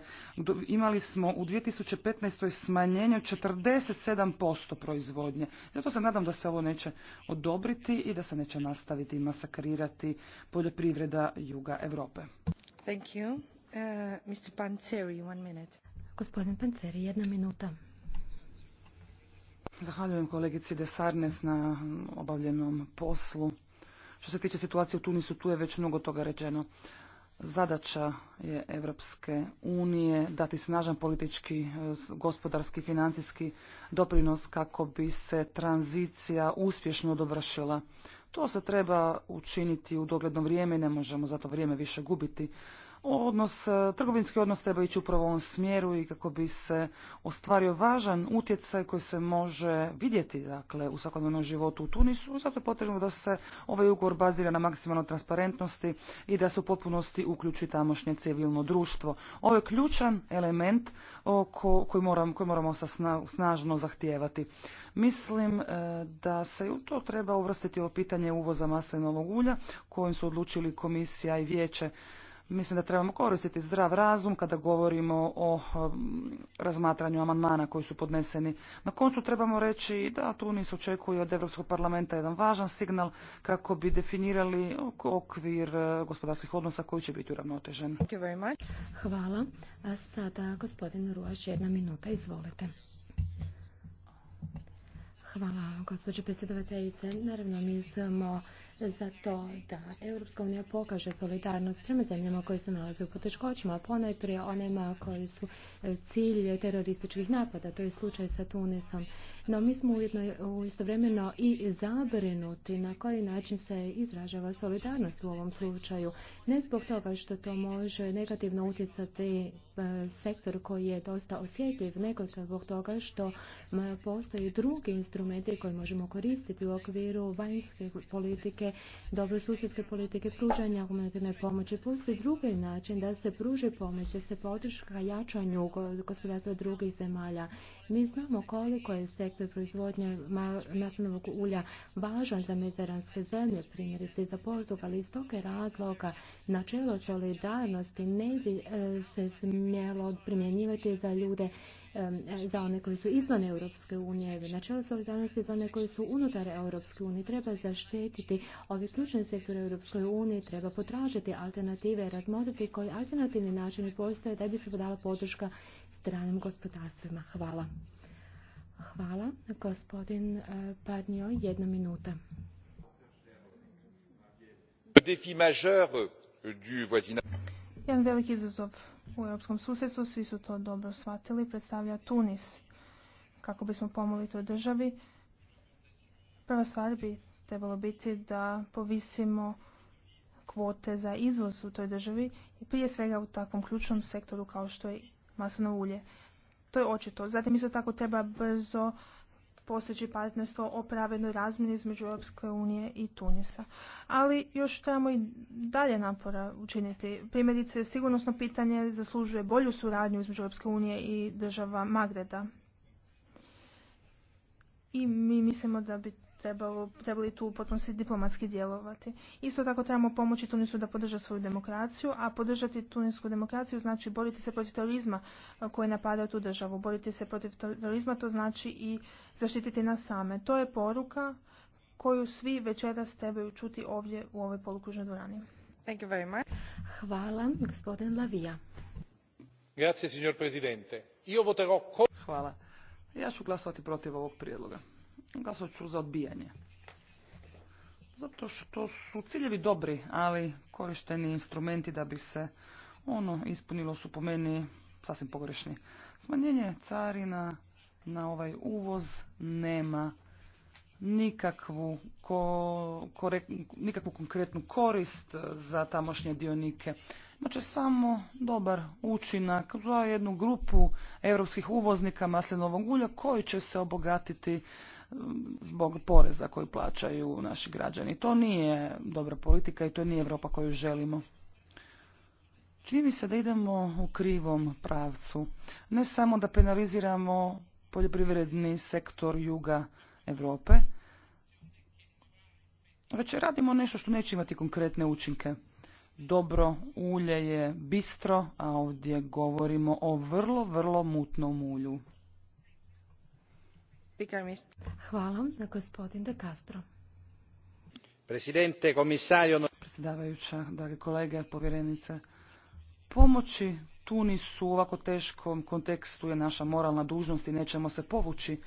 Imali smo u 2015. smanjenje 47% proizvodnje. Zato se nadam da se ovo neće odobriti i da se neće nastaviti masakrirati poljoprivreda juga Europe. Thank you. Uh, Gospodin Panceri, jedna minuta. Zahvaljujem kolegici Desarnes na obavljenom poslu. Što se tiče situacije u Tunisu, tu je već mnogo toga rečeno. Zadaća je Evropske unije dati snažan politički, e, gospodarski, financijski doprinos kako bi se tranzicija uspješno dovršila. To se treba učiniti u dogledno vrijeme, ne možemo za to vrijeme više gubiti odnos, e, trgovinski odnos treba ići upravo u ovom smjeru i kako bi se ostvario važan utjecaj koji se može vidjeti dakle, u svakodnevnom životu u Tunisu. Zato je potrebno da se ovaj ugovor bazira na maksimalnoj transparentnosti i da se u potpunosti uključi tamošnje civilno društvo. Ovo je ključan element oko, koji, moram, koji moramo snažno zahtijevati. Mislim e, da se u to treba uvrstiti o pitanje uvoza maslinovog ulja kojim su odlučili komisija i vijeće Mislim da trebamo koristiti zdrav razum kada govorimo o um, razmatranju amandmana koji su podneseni. Na koncu trebamo reći da Tunis očekuje od Europskog parlamenta jedan važan signal kako bi definirali okvir uh, gospodarskih odnosa koji će biti uravnotežen. Hvala. A sada gospodin jedna minuta, izvolite. Hvala, Naravno, mi smo za to da Europska unija pokaže solidarnost prema zemljama koje se nalaze u poteškoćima, ponajprije onima koji su e, cilj terorističkih napada, to je slučaj sa Tunisom. No mi smo ujedno u istovremeno i zabrinuti na koji način se izražava solidarnost u ovom slučaju. Ne zbog toga što to može negativno utjecati e, sektor koji je dosta osjetljiv, nego zbog toga što postoji drugi instrumenti koje možemo koristiti u okviru vanjske politike politike, dobro susjedske politike, pružanja humanitarne pomoći. Postoji drugi način da se pruži pomoć, da se podrška jačanju gospodarstva drugih zemalja. Mi znamo koliko je sektor proizvodnje maslinovog ulja važan za mediteranske zemlje, primjerice za Portugal. Iz tog razloga načelo solidarnosti ne bi e, se smjelo primjenjivati za ljude za one koji su izvan Europske unije, načelo solidarnosti za one koji su unutar Europske unije, treba zaštetiti ove ključne sektore Europskoj uniji, treba potražiti alternative, razmotriti koji alternativni načini postoje da bi se podala podrška stranim gospodarstvima. Hvala. Hvala. Gospodin e, Parnio, jedna minuta. Euh, Jedan veliki izazov u europskom susjedstvu, svi su to dobro shvatili, predstavlja Tunis. Kako bismo pomogli toj državi, prva stvar bi trebalo biti da povisimo kvote za izvoz u toj državi i prije svega u takvom ključnom sektoru kao što je maslinovo ulje. To je očito. Zatim isto tako treba brzo postići partnerstvo o pravednoj razmjeni između Europske unije i Tunisa. Ali još trebamo i dalje napora učiniti. Primjerice, sigurnosno pitanje zaslužuje bolju suradnju između Europske unije i država Magreda. I mi mislimo da bi trebalo, trebali tu u potpunosti diplomatski djelovati. Isto tako trebamo pomoći Tunisu da podrža svoju demokraciju, a podržati tunisku demokraciju znači boriti se protiv terorizma koji napada tu državu. Boriti se protiv terorizma to znači i zaštititi nas same. To je poruka koju svi večeras trebaju čuti ovdje u ovoj polukružnoj dvorani. Hvala, gospodin Lavija. Grazie, signor Presidente. Io voterò... Hvala. Ja ću glasovati protiv ovog prijedloga. Glasat ću za odbijanje. Zato što su ciljevi dobri, ali korišteni instrumenti da bi se ono ispunilo su po meni sasvim pogrešni. Smanjenje carina na ovaj uvoz nema nikakvu, ko, nikakvu konkretnu korist za tamošnje dionike. Znači samo dobar učinak za jednu grupu europskih uvoznika maslinovog ulja koji će se obogatiti zbog poreza koji plaćaju naši građani. To nije dobra politika i to nije Europa koju želimo. Čini mi se da idemo u krivom pravcu. Ne samo da penaliziramo poljoprivredni sektor juga Europe, već radimo nešto što neće imati konkretne učinke. Dobro ulje je bistro, a ovdje govorimo o vrlo, vrlo mutnom ulju. Hvala, gospodin De Castro. komisario... Predsjedavajuća, dragi kolege, povjerenice, pomoći Tunisu u ovako teškom kontekstu je naša moralna dužnost i nećemo se povući.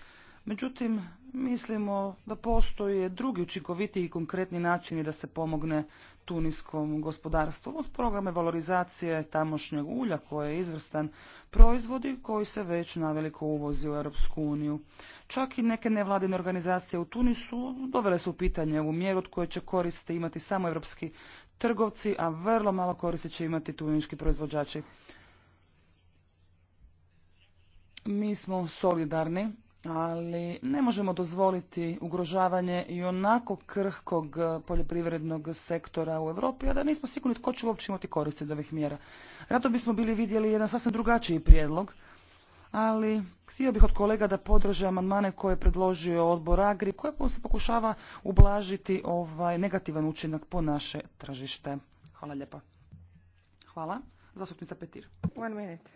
Međutim, mislimo da postoje drugi učinkovitiji i konkretni načini da se pomogne tuniskom gospodarstvu. Uz programe valorizacije tamošnjeg ulja koje je izvrstan proizvodi koji se već naveliko uvozi u Europsku uniju. Čak i neke nevladine organizacije u Tunisu dovele su pitanje u mjeru od koje će koriste imati samo europski trgovci, a vrlo malo koristi će imati tuniški proizvođači. Mi smo solidarni ali ne možemo dozvoliti ugrožavanje i onako krhkog poljoprivrednog sektora u Europi, a da nismo sigurni tko će uopće imati koristi od ovih mjera. Rado bismo bili vidjeli jedan sasvim drugačiji prijedlog, ali htio bih od kolega da podrže amandmane koje je predložio odbor Agri, koje se pokušava ublažiti ovaj negativan učinak po naše tržište. Hvala lijepa. Hvala. Zastupnica Petir. One minute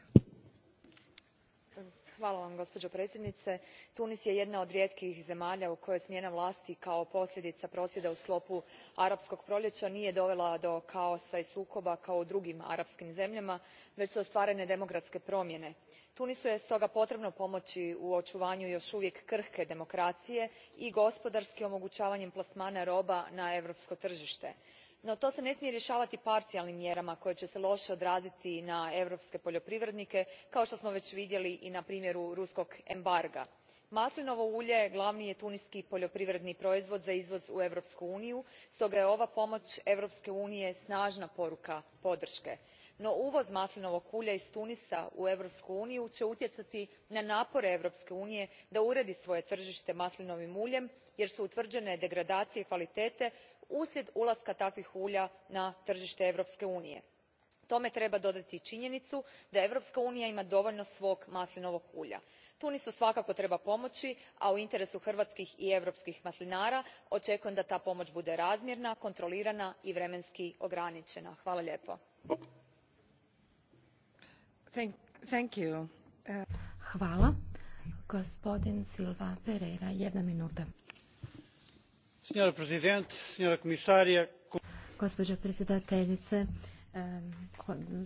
gospođo predsjednice tunis je jedna od rijetkih zemalja u kojoj smjena vlasti kao posljedica prosvjeda u sklopu arapskog proljeća nije dovela do kaosa i sukoba kao u drugim arapskim zemljama već su ostvarene demokratske promjene. tunisu je stoga potrebno pomoći u očuvanju još uvijek krhke demokracije i gospodarski omogućavanjem plasmana roba na europsko tržište no to se ne smije rješavati parcijalnim mjerama koje će se loše odraziti na europske poljoprivrednike kao što smo već vidjeli i na primjeru ruskog embarga. maslinovo ulje glavni je tuniski poljoprivredni proizvod za izvoz u europsku uniju stoga je ova pomoć europske unije snažna poruka podrške. no uvoz maslinovog ulja iz tunisa u europsku uniju će utjecati na napore europske unije da uredi svoje tržište maslinovim uljem jer su utvrđene degradacije kvalitete uslijed ulaska takvih ulja na tržište europske unije. tome treba dodati i činjenicu da europska unija ima dovoljno svog maslinovog ulja. tunisu svakako treba pomoći a u interesu hrvatskih i europskih maslinara očekujem da ta pomoć bude razmjerna kontrolirana i vremenski ograničena. hvala lijepo. Pereira, jedna Senjora prezident, Gospođo predsjedateljice,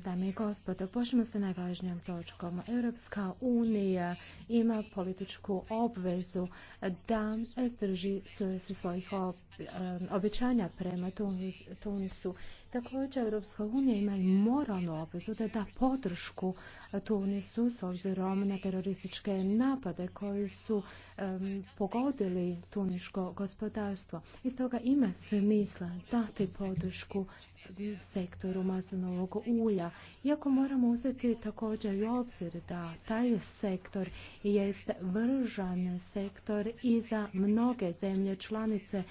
Dame i gospodo, počnemo se najvažnijom točkom. Europska unija ima političku obvezu da drži se svojih E, obećanja prema Tunisu. Također, Europska unija ima i moralnu obvezu da da podršku Tunisu s obzirom na terorističke napade koji su e, pogodili tuniško gospodarstvo. Iz toga ima smisla dati podršku sektoru maslinovog ulja. Iako moramo uzeti također i obzir da taj sektor jest vržan sektor i za mnoge zemlje članice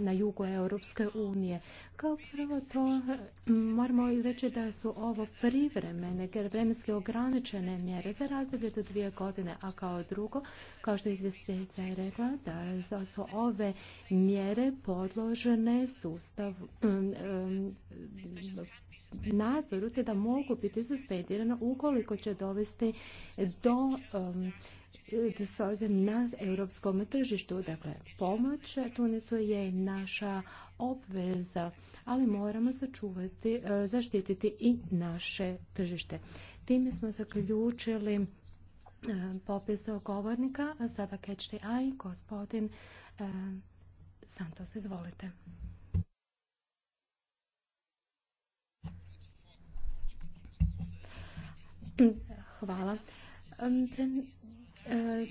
na jugu Europske unije. Kao prvo to eh, moramo reći da su ovo privremene, vremenske ograničene mjere za razdoblje do dvije godine, a kao drugo, kao što izvjestiteljica je rekla, da su ove mjere podložene sustav um, mm, mm, da mogu biti suspendirane ukoliko će dovesti do mm, na europskom tržištu. Dakle, pomoć Tunisu je naša obveza, ali moramo sačuvati, e, zaštititi i naše tržište. Time smo zaključili e, popis govornika, a sada gospodin e, Santos, izvolite. Hvala. E,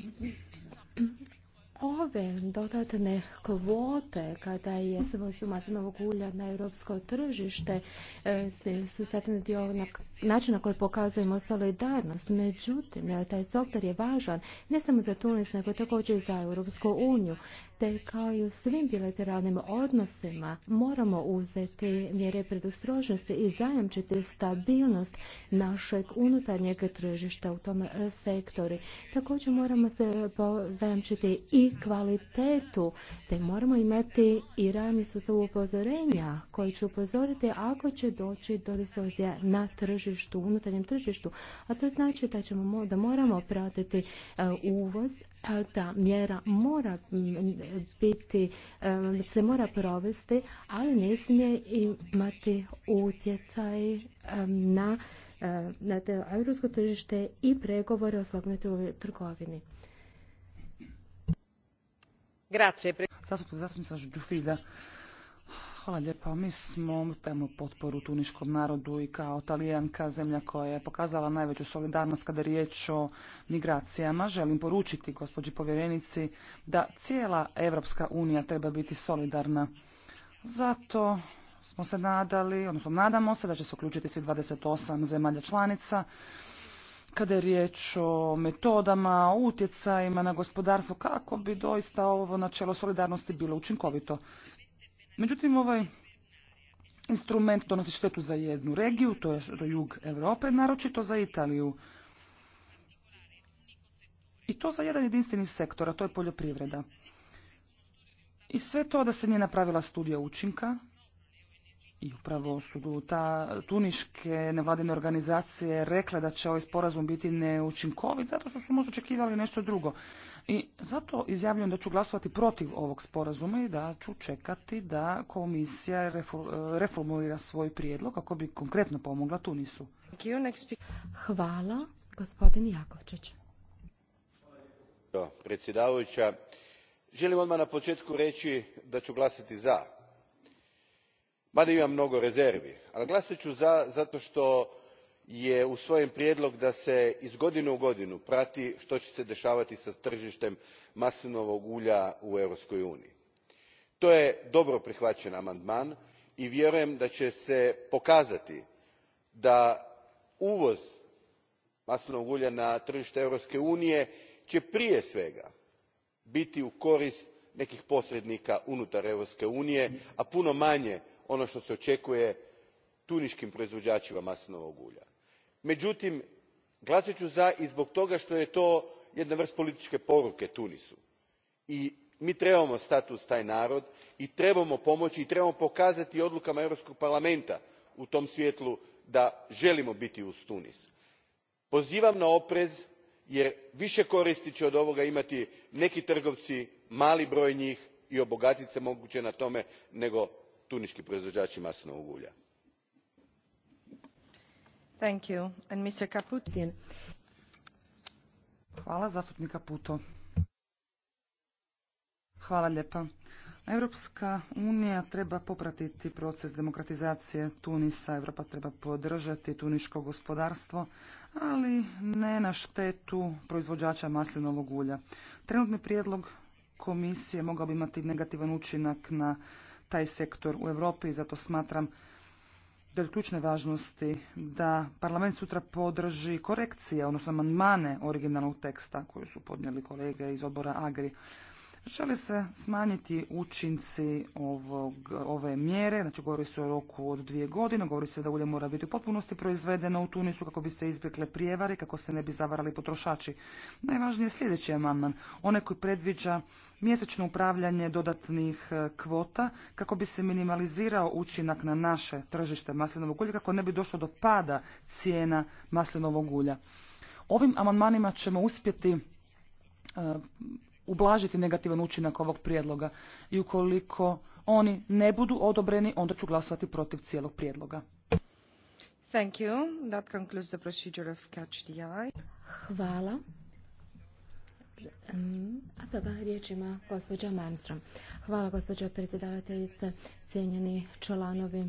ove dodatne kvote kada je suma maslinovog ulja na europsko tržište e, su sastavni dio načina koji pokazujemo solidarnost. Međutim, e, taj sektor je važan ne samo za Tunis, nego također i za Europsku uniju te kao i u svim bilateralnim odnosima moramo uzeti mjere predostrožnosti i zajamčiti stabilnost našeg unutarnjeg tržišta u tom e, sektoru. Također moramo se zajamčiti i kvalitetu, te moramo imati i rani sustav upozorenja koji će upozoriti ako će doći do distorzija na tržištu, unutarnjem tržištu, a to znači da ćemo da moramo pratiti e, uvoz, ta mjera mora biti, se mora provesti, ali ne smije imati utjecaj na, na te europsko tržište i pregovore o slobodnoj trgovini. Grazie. Zastupnica Hvala lijepa. Mi smo temu potporu tuniškom narodu i kao talijanka zemlja koja je pokazala najveću solidarnost kada je riječ o migracijama. Želim poručiti gospođi povjerenici da cijela Evropska unija treba biti solidarna. Zato smo se nadali, odnosno nadamo se da će se uključiti svi 28 zemalja članica kada je riječ o metodama, utjecajima na gospodarstvo, kako bi doista ovo načelo solidarnosti bilo učinkovito. Međutim, ovaj instrument donosi štetu za jednu regiju, to je do jug Europe, naročito za Italiju. I to za jedan jedinstveni sektor, a to je poljoprivreda. I sve to da se nije napravila studija učinka, i upravo su ta tuniške nevladine organizacije rekle da će ovaj sporazum biti neučinkovit, zato što su možda očekivali nešto drugo. I zato izjavljujem da ću glasovati protiv ovog sporazuma i da ću čekati da komisija reformulira svoj prijedlog kako bi konkretno pomogla Tunisu. Hvala, gospodin Jakovčić. Predsjedavajuća, želim odmah na početku reći da ću glasati za mada imam mnogo rezervi ali glasat ću za zato što je usvojen prijedlog da se iz godine u godinu prati što će se dešavati s tržištem maslinovog ulja u europskoj uniji. to je dobro prihvaćen amandman i vjerujem da će se pokazati da uvoz maslinovog ulja na tržište europske unije će prije svega biti u korist nekih posrednika unutar europske unije a puno manje ono što se očekuje tuniškim proizvođačima maslinovog ulja. međutim glasat ću za i zbog toga što je to jedna vrsta političke poruke tunisu. I mi trebamo stati uz taj narod i trebamo pomoći i trebamo pokazati odlukama europskog parlamenta u tom svjetlu da želimo biti uz tunis. pozivam na oprez jer više koristi će od ovoga imati neki trgovci mali broj njih i obogatit se moguće na tome nego proizvođači maslinovog ulja. Hvala, zastupnika Hvala Europska unija treba popratiti proces demokratizacije Tunisa, Europa treba podržati tuniško gospodarstvo, ali ne na štetu proizvođača maslinovog ulja. Trenutni prijedlog komisije mogao bi imati negativan učinak na taj sektor u Europi i zato smatram da je ključne važnosti da parlament sutra podrži korekcije, odnosno amandmane originalnog teksta koju su podnijeli kolege iz odbora Agri. Želi se smanjiti učinci ovog, ove mjere, znači govori se o roku od dvije godine, govori se da ulje mora biti u potpunosti proizvedeno u Tunisu kako bi se izbjegle prijevare, kako se ne bi zavarali potrošači. Najvažnije je sljedeći amandman, one koji predviđa mjesečno upravljanje dodatnih e, kvota kako bi se minimalizirao učinak na naše tržište maslinovog ulja, kako ne bi došlo do pada cijena maslinovog ulja. Ovim amandmanima ćemo uspjeti e, ublažiti negativan učinak ovog prijedloga i ukoliko oni ne budu odobreni, onda ću glasovati protiv cijelog prijedloga. Thank you. That concludes the procedure of Hvala. A sada riječ ima gospođa Manstrom. Hvala gospođa predsjedavateljice, cijenjeni članovi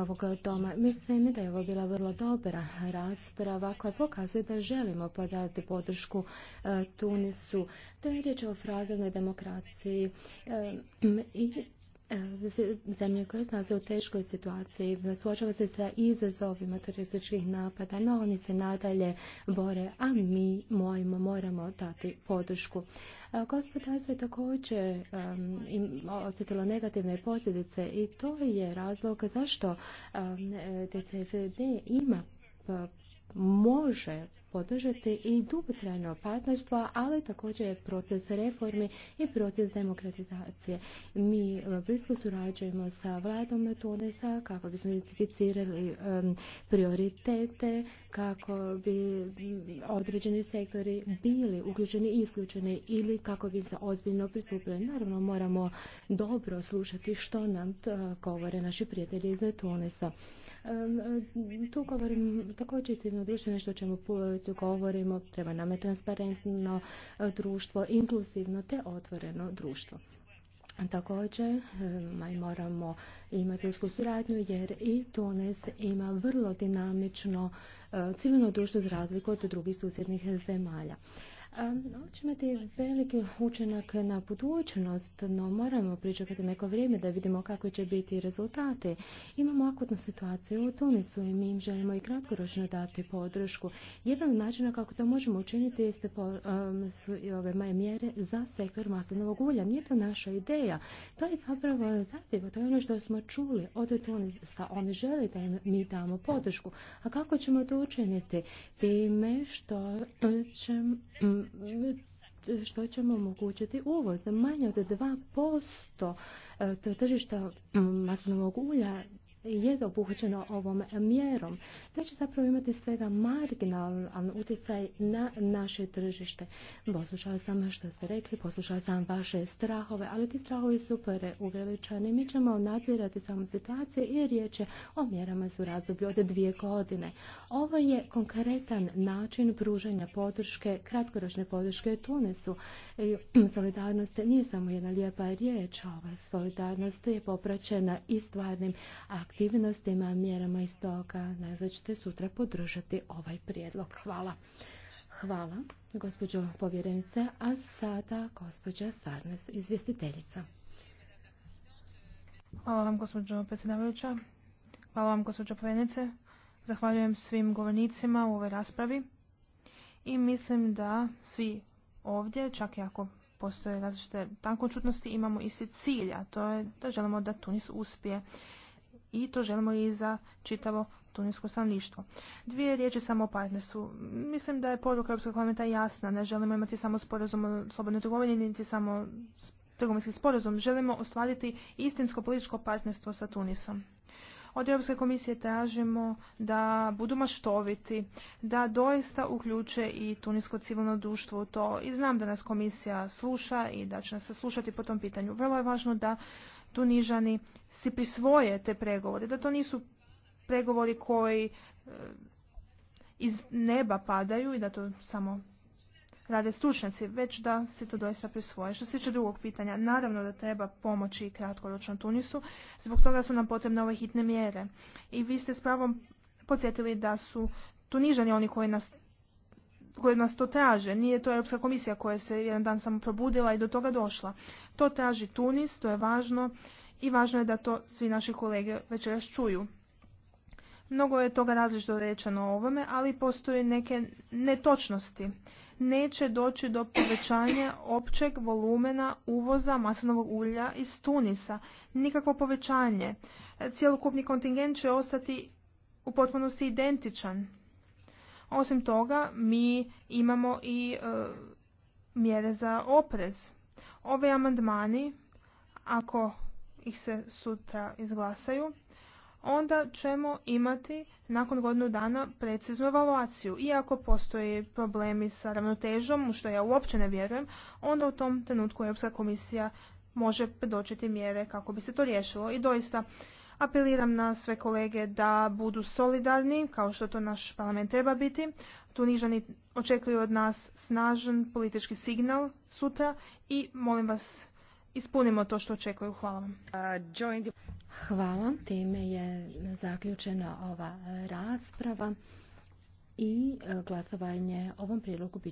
ovog doma. Mislim da je ovo bila vrlo dobra rasprava koja pokazuje da želimo podati podršku e, Tunisu, To je riječ o fragilnoj demokraciji e, i zemlje koje se u teškoj situaciji, suočava se sa izazovima terorističkih napada, no oni se nadalje bore, a mi mojima moramo dati podršku. Gospodarstvo je također osjetilo negativne posljedice i to je razlog zašto DCFD e, ima, pa, može podržati i dugotrajno partnerstvo, ali također proces reformi i proces demokratizacije. Mi e, blisko surađujemo sa vladom Tunisa kako bismo identificirali prioritete, kako bi mm, određeni sektori bili uključeni i isključeni ili kako bi se ozbiljno pristupili. Naravno moramo dobro slušati što nam govore naši prijatelji iz Tunisa. E, tu govorim također civilno društvo, što ćemo govorimo, treba nam je transparentno e, društvo, inkluzivno te otvoreno društvo. Također, e, moramo imati usku suradnju jer i Tunes ima vrlo dinamično e, civilno društvo za razliku od drugih susjednih zemalja. Ovo imati veliki učinak na budućnost, no moramo pričekati neko vrijeme da vidimo kako će biti rezultate. Imamo akutnu situaciju u Tunisu i mi im želimo i kratkoročno dati podršku. Jedan od načina kako to možemo učiniti jeste po, ove mjere za sektor maslinovog ulja. Nije to naša ideja. To je zapravo zahtjevo, to je ono što smo čuli od Tunisa. Oni žele da im mi damo podršku. A kako ćemo to učiniti? Time što ćemo što ćemo omogućiti uvoz. Manje od 2% e, tržišta maslinovog ulja je obuhvaćeno ovom mjerom. Da će zapravo imati svega marginalan utjecaj na naše tržište. Poslušao sam što ste rekli, poslušao sam vaše strahove, ali ti strahovi su uveličani. Mi ćemo nadzirati samo situacije i riječ je o mjerama za razdoblju od dvije godine. Ovo je konkretan način pružanja podrške, kratkoročne podrške Tunisu. *clears throat* Solidarnost nije samo jedna lijepa riječ, ova solidarnost je popraćena i stvarnim aktivnostima aktivnostima, mjerama iz toga, Znači ćete sutra podržati ovaj prijedlog. Hvala. Hvala, gospođo povjerenice. A sada gospođa Sarnes, izvjestiteljica. Hvala vam, gospođo predsjedavajuća. Hvala vam, gospođo povjerenice. Zahvaljujem svim govornicima u ovoj raspravi. I mislim da svi ovdje, čak i ako postoje različite tankočutnosti, imamo isti cilj, a to je da želimo da Tunis uspije i to želimo i za čitavo tunijsko stanovništvo. Dvije riječi samo o partnerstvu. Mislim da je poruka Europskog parlamenta jasna. Ne želimo imati samo sporazum o slobodnoj trgovini, niti samo trgovinski sporazum. Želimo ostvariti istinsko političko partnerstvo sa Tunisom. Od Europske komisije tražimo da budu maštoviti, da doista uključe i tunisko civilno društvo u to. I znam da nas komisija sluša i da će nas slušati po tom pitanju. Vrlo je važno da Tunižani si prisvoje te pregovore, da to nisu pregovori koji e, iz neba padaju i da to samo rade stručnjaci, već da se to doista prisvoje. Što se tiče drugog pitanja, naravno da treba pomoći kratkoročnom Tunisu, zbog toga su nam potrebne ove hitne mjere. I vi ste s pravom podsjetili da su Tunižani oni koji nas koje nas to traže. Nije to Europska komisija koja se jedan dan samo probudila i do toga došla. To traži Tunis, to je važno i važno je da to svi naši kolege večeras čuju. Mnogo je toga različito rečeno o ovome, ali postoje neke netočnosti. Neće doći do povećanja općeg volumena uvoza maslinovog ulja iz Tunisa. Nikakvo povećanje. Cijelokupni kontingent će ostati u potpunosti identičan. Osim toga, mi imamo i e, mjere za oprez. Ove amandmani, ako ih se sutra izglasaju, onda ćemo imati nakon godinu dana preciznu evaluaciju. Iako postoje problemi sa ravnotežom, u što ja uopće ne vjerujem, onda u tom trenutku Europska komisija može predočiti mjere kako bi se to riješilo. I doista Apeliram na sve kolege da budu solidarni, kao što to naš parlament treba biti. Tunižani očekuju od nas snažan politički signal sutra i molim vas ispunimo to što očekuju. Hvala vam. Hvala. Time je zaključena ova rasprava i e, glasovanje ovom prijedlogu